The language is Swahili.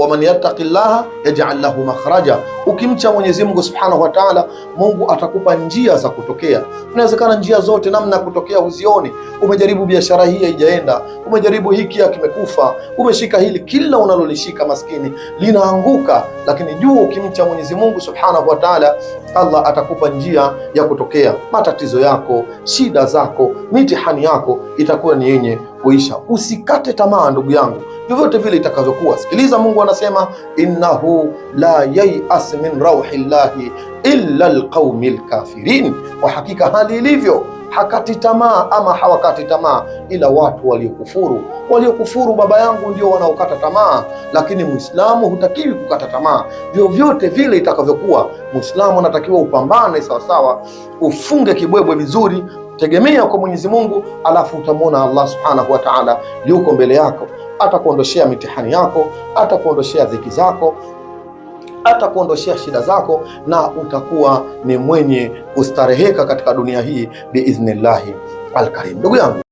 ومن يتق الله يجعل له مخرجا Ukimcha Mwenyezi Mungu Subhanahu wa Ta'ala, Mungu atakupa njia za kutokea. Inawezekana njia zote namna ya kutokea huzioni. Umejaribu biashara hii haijaenda, umejaribu hiki kimekufa, umeshika hili, kila unalolishika maskini linaanguka, lakini jua ukimcha Mwenyezi Mungu Subhanahu wa Ta'ala, Allah atakupa njia ya kutokea. Matatizo yako, shida zako, mitihani yako itakuwa ni yenye kuisha. Usikate tamaa ndugu yangu, vyovyote vile itakavyokuwa. Sikiliza, Mungu anasema innahu la yaias nafsi min rauhi llahi illa lqaumi lkafirin, kwa hakika hali ilivyo hakati tamaa ama hawakati tamaa ila watu waliokufuru. Waliokufuru baba yangu ndio wanaokata tamaa, lakini mwislamu hutakiwi kukata tamaa vyovyote vile itakavyokuwa. mwislamu anatakiwa upambane sawasawa, ufunge kibwebwe vizuri, tegemea kwa Mwenyezi Mungu, alafu utamwona Allah subhanahu wa taala yuko mbele yako, atakuondoshea mitihani yako, atakuondoshea dhiki zako atakuondoshea shida zako na utakuwa ni mwenye kustareheka katika dunia hii biidhnillahi alkarim. Ndugu yangu